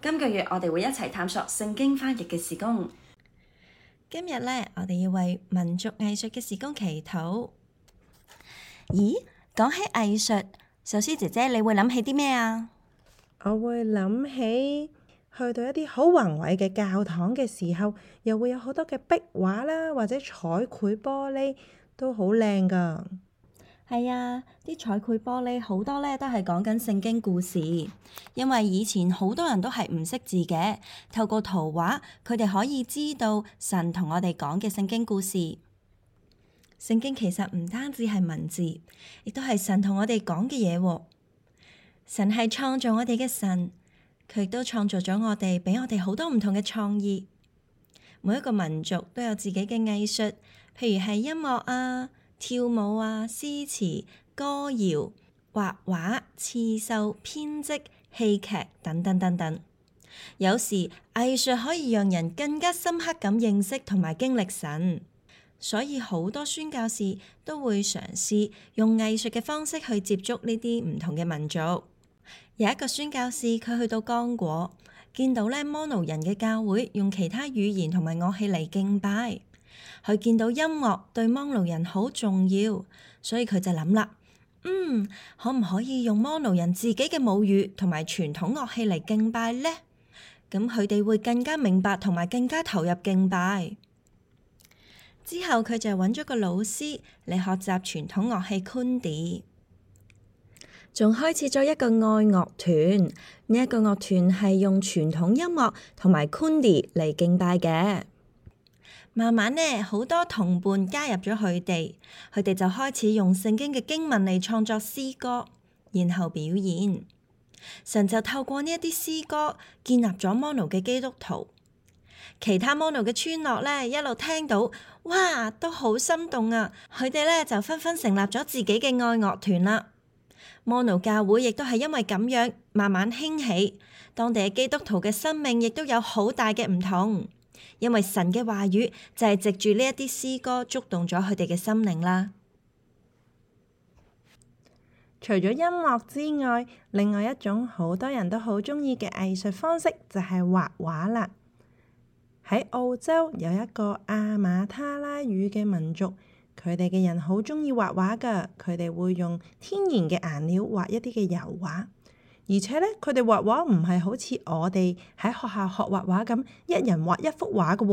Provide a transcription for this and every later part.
今個月我哋會一齊探索聖經翻譯嘅事工。今日咧，我哋要為民族藝術嘅事工祈禱。咦，講起藝術，壽司姐姐你會諗起啲咩啊？我會諗起去到一啲好宏偉嘅教堂嘅時候，又會有好多嘅壁畫啦，或者彩繪玻璃都好靚㗎。係啊，啲、哎、彩繪玻璃好多咧，都係講緊聖經故事。因為以前好多人都係唔識字嘅，透過圖畫，佢哋可以知道神同我哋講嘅聖經故事。聖經其實唔單止係文字，亦都係神同我哋講嘅嘢。神係創造我哋嘅神，佢亦都創造咗我哋，俾我哋好多唔同嘅創意。每一個民族都有自己嘅藝術，譬如係音樂啊。跳舞啊、詩詞、歌謠、畫畫、刺繡、編織、戲劇等等等等。有時藝術可以讓人更加深刻咁認識同埋經歷神，所以好多宣教士都會嘗試用藝術嘅方式去接觸呢啲唔同嘅民族。有一個宣教士佢去到剛果，見到呢摩奴人嘅教會用其他語言同埋樂器嚟敬拜。佢見到音樂對摩奴人好重要，所以佢就諗啦，嗯，可唔可以用摩奴人自己嘅母語同埋傳統樂器嚟敬拜咧？咁佢哋會更加明白同埋更加投入敬拜。之後佢就揾咗個老師嚟學習傳統樂器 Kundi，仲開始咗一個愛樂團。呢、這、一個樂團係用傳統音樂同埋 Kundi 嚟敬拜嘅。慢慢咧，好多同伴加入咗佢哋，佢哋就開始用聖經嘅經文嚟創作詩歌，然後表演。神就透過呢一啲詩歌建立咗摩奴嘅基督徒，其他摩奴嘅村落咧一路聽到，哇，都好心動啊！佢哋咧就紛紛成立咗自己嘅愛樂團啦。摩奴教會亦都係因為咁樣慢慢興起，當地嘅基督徒嘅生命亦都有好大嘅唔同。因為神嘅話語就係藉住呢一啲詩歌觸動咗佢哋嘅心靈啦。除咗音樂之外，另外一種好多人都好鍾意嘅藝術方式就係畫畫啦。喺澳洲有一個阿馬他拉語嘅民族，佢哋嘅人好鍾意畫畫噶，佢哋會用天然嘅顏料畫一啲嘅油畫。而且咧，佢哋畫畫唔係好似我哋喺學校學畫畫咁，一人畫一幅畫噶。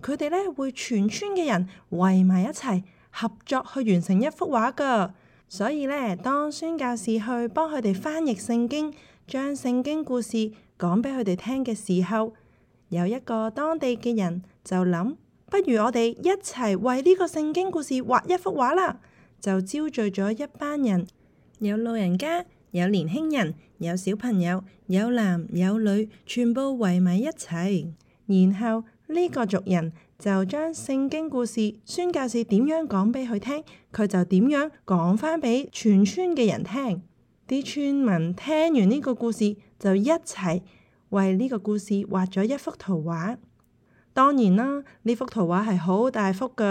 佢哋咧會全村嘅人圍埋一齊合作去完成一幅畫噶。所以咧，當宣教士去幫佢哋翻譯聖經，將聖經故事講俾佢哋聽嘅時候，有一個當地嘅人就諗：不如我哋一齊為呢個聖經故事畫一幅畫啦！就招聚咗一班人，有老人家。有年輕人，有小朋友，有男有女，全部圍埋一齊。然後呢個族人就將聖經故事，宣教士點樣講俾佢聽，佢就點樣講翻俾全村嘅人聽。啲村民聽完呢個故事就一齊為呢個故事畫咗一幅圖畫。當然啦，呢幅圖畫係好大幅嘅，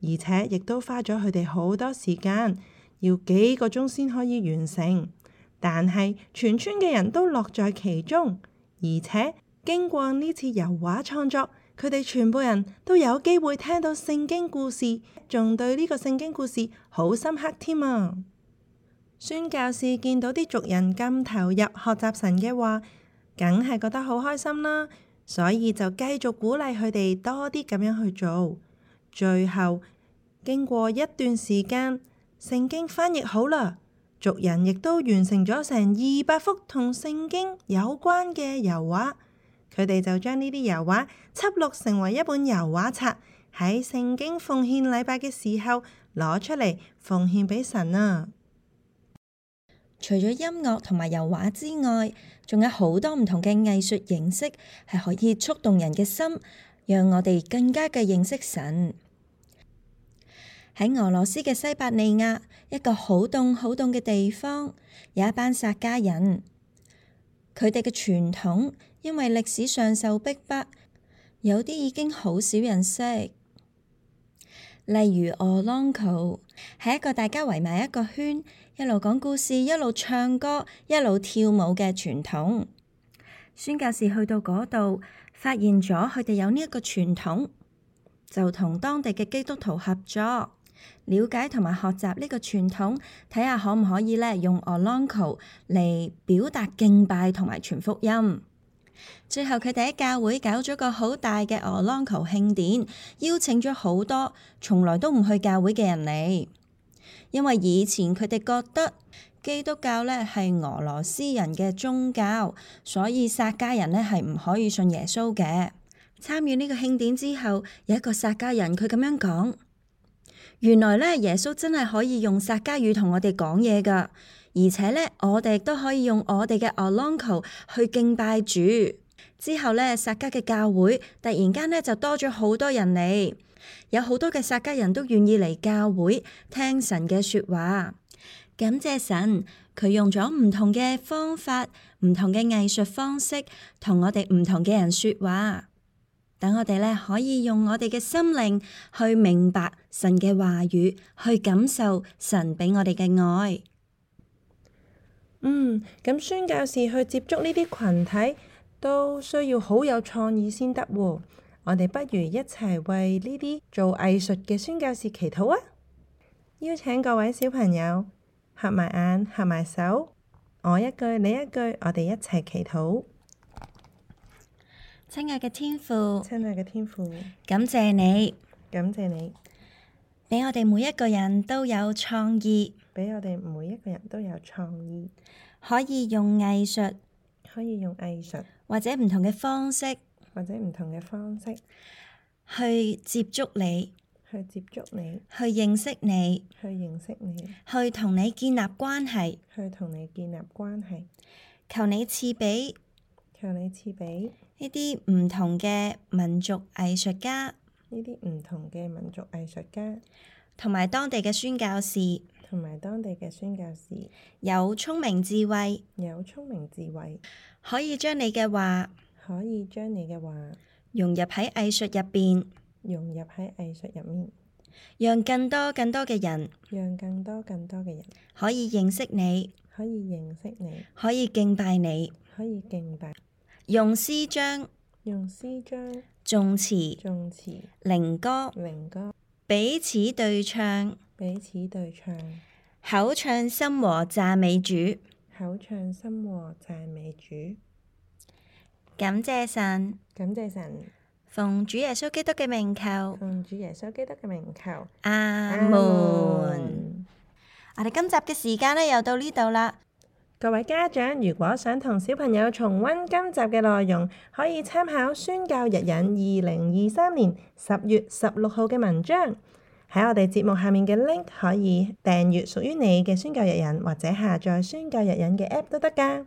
而且亦都花咗佢哋好多時間，要幾個鐘先可以完成。但係全村嘅人都樂在其中，而且經過呢次油畫創作，佢哋全部人都有機會聽到聖經故事，仲對呢個聖經故事好深刻添啊！宣教士見到啲族人咁投入學習神嘅話，梗係覺得好開心啦，所以就繼續鼓勵佢哋多啲咁樣去做。最後經過一段時間，聖經翻譯好啦。族人亦都完成咗成二百幅同聖經有關嘅油畫，佢哋就將呢啲油畫輯錄成為一本油畫冊，喺聖經奉獻禮拜嘅時候攞出嚟奉獻俾神啊！除咗音樂同埋油畫之外，仲有好多唔同嘅藝術形式係可以觸動人嘅心，讓我哋更加嘅認識神。喺俄羅斯嘅西伯利亞，一個好凍好凍嘅地方，有一班薩家人。佢哋嘅傳統，因為歷史上受逼迫，迫，有啲已經好少人認識。例如俄，俄朗球係一個大家圍埋一個圈，一路講故事，一路唱歌，一路跳舞嘅傳統。宣教士去到嗰度，發現咗佢哋有呢一個傳統，就同當地嘅基督徒合作。了解同埋學習呢個傳統，睇下可唔可以咧用 Olongko 嚟表達敬拜同埋全福音。最後佢哋喺教會搞咗個好大嘅 Olongko 慶典，邀請咗好多從來都唔去教會嘅人嚟，因為以前佢哋覺得基督教咧係俄羅斯人嘅宗教，所以撒家人咧係唔可以信耶穌嘅。參與呢個慶典之後，有一個撒家人佢咁樣講。原來咧，耶穌真係可以用撒加語同我哋講嘢噶，而且咧，我哋都可以用我哋嘅阿 longo 去敬拜主。之後咧，撒加嘅教會突然間咧就多咗好多人嚟，有好多嘅撒加人都願意嚟教會聽神嘅說話。感謝神，佢用咗唔同嘅方法，唔同嘅藝術方式，同我哋唔同嘅人說話。等我哋咧，可以用我哋嘅心靈去明白神嘅話語，去感受神畀我哋嘅愛。嗯，咁宣教士去接觸呢啲群體都需要好有創意先得喎。我哋不如一齊為呢啲做藝術嘅宣教士祈禱啊！邀請各位小朋友合埋眼、合埋手，我一句你一句，我哋一齊祈禱。親愛嘅天父，親愛嘅天父，感謝你，感謝你，俾我哋每一個人都有創意，俾我哋每一個人都有創意，可以用藝術，可以用藝術，或者唔同嘅方式，或者唔同嘅方式去接觸你，去接觸你，去認識你，去認識你，去同你建立關係，去同你建立關係，求你賜俾。像你似比呢啲唔同嘅民族藝術家，呢啲唔同嘅民族藝術家，同埋當地嘅宣教士，同埋當地嘅宣教士有聰明智慧，有聰明智慧，可以將你嘅話可以將你嘅話融入喺藝術入邊融入喺藝術入面，讓更多更多嘅人，讓更多更多嘅人可以認識你，可以認識你，可以敬拜你，可以敬拜。用詩章，用詩章，頌詞，頌詞，靈歌，靈歌，彼此對唱，彼此對唱，口唱心和讚美主，口唱心和讚美主，感謝神，感謝神，奉主耶穌基督嘅名求，奉主耶穌基督嘅名求，阿門。我哋今集嘅時間咧，又到呢度啦。各位家長，如果想同小朋友重温今集嘅內容，可以參考《宣教日引》二零二三年十月十六號嘅文章。喺我哋節目下面嘅 link 可以訂閱屬於你嘅《宣教日引》，或者下載《宣教日引》嘅 app 都得㗎。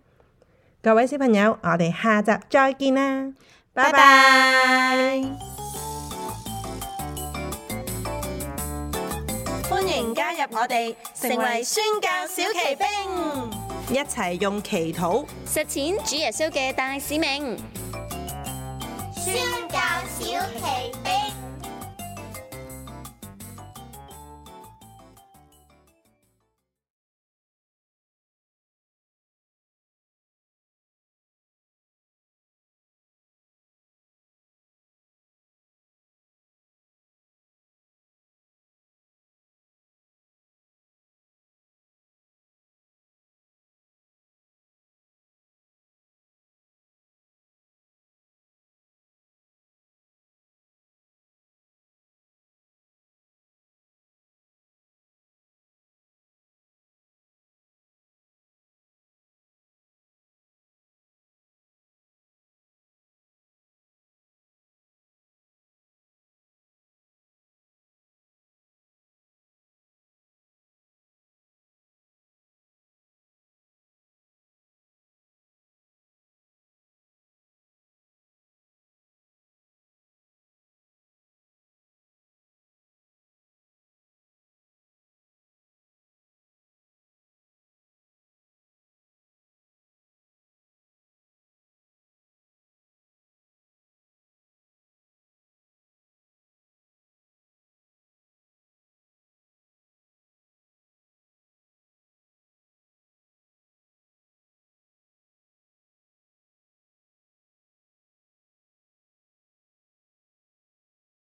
各位小朋友，我哋下集再見啦，拜拜！歡迎加入我哋，成為宣教小奇兵。一齊用祈禱實踐主耶穌嘅大使命。